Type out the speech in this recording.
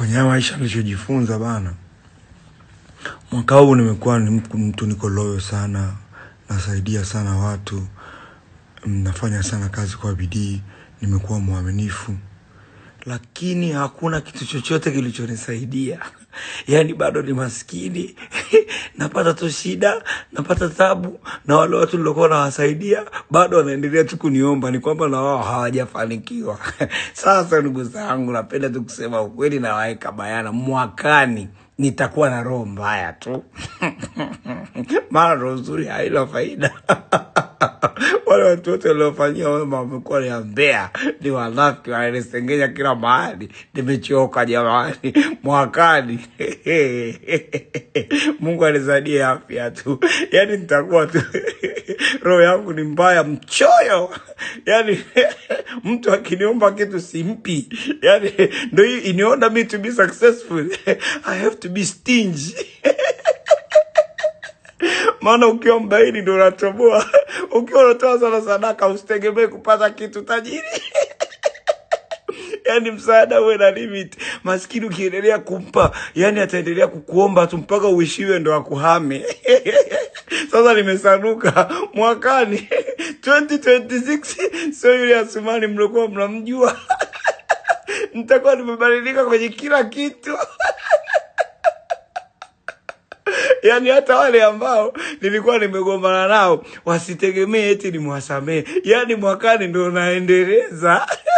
kwenye haya maisha nilichojifunza bana, mwaka huu nimekuwa mtu niko loyo sana, nasaidia sana watu, nafanya sana kazi kwa bidii, nimekuwa mwaminifu lakini hakuna kitu chochote kilichonisaidia. Yaani bado ni maskini napata tu shida, napata tabu, na wale watu nilokuwa nawasaidia bado wanaendelea tu kuniomba, ni kwamba na wao hawajafanikiwa. Sasa ndugu zangu, napenda tu kusema ukweli nawaeka bayana, mwakani nitakuwa na roho mbaya tu maana roho nzuri haina faida watu wote waliofanyia wema wamekuwa ni wambea, ni wanafiki, wanisengenya kila mahali. Nimechoka jamani, mwakani Mungu anisaidie afya tu, yani nitakuwa tu roho yangu ni mbaya, mchoyo yani mtu akiniomba kitu simpi, yani ndo hii in me to be successful I have to be stingy maana ukiwa mbaini ndo unatoboa ukiwa unatoa sana sadaka usitegemee kupata kitu tajiri yani msaada uwe na limit. Maskini ukiendelea kumpa, yani ataendelea kukuomba tu mpaka uishiwe ndo akuhame. Sasa limesanuka mwakani 2026 sio yule Asumani mliokuwa mnamjua. Nitakuwa nimebadilika kwenye kila kitu yani hata wale ambao nilikuwa nimegombana nao wasitegemee eti nimwasamee yani mwakani ndo naendeleza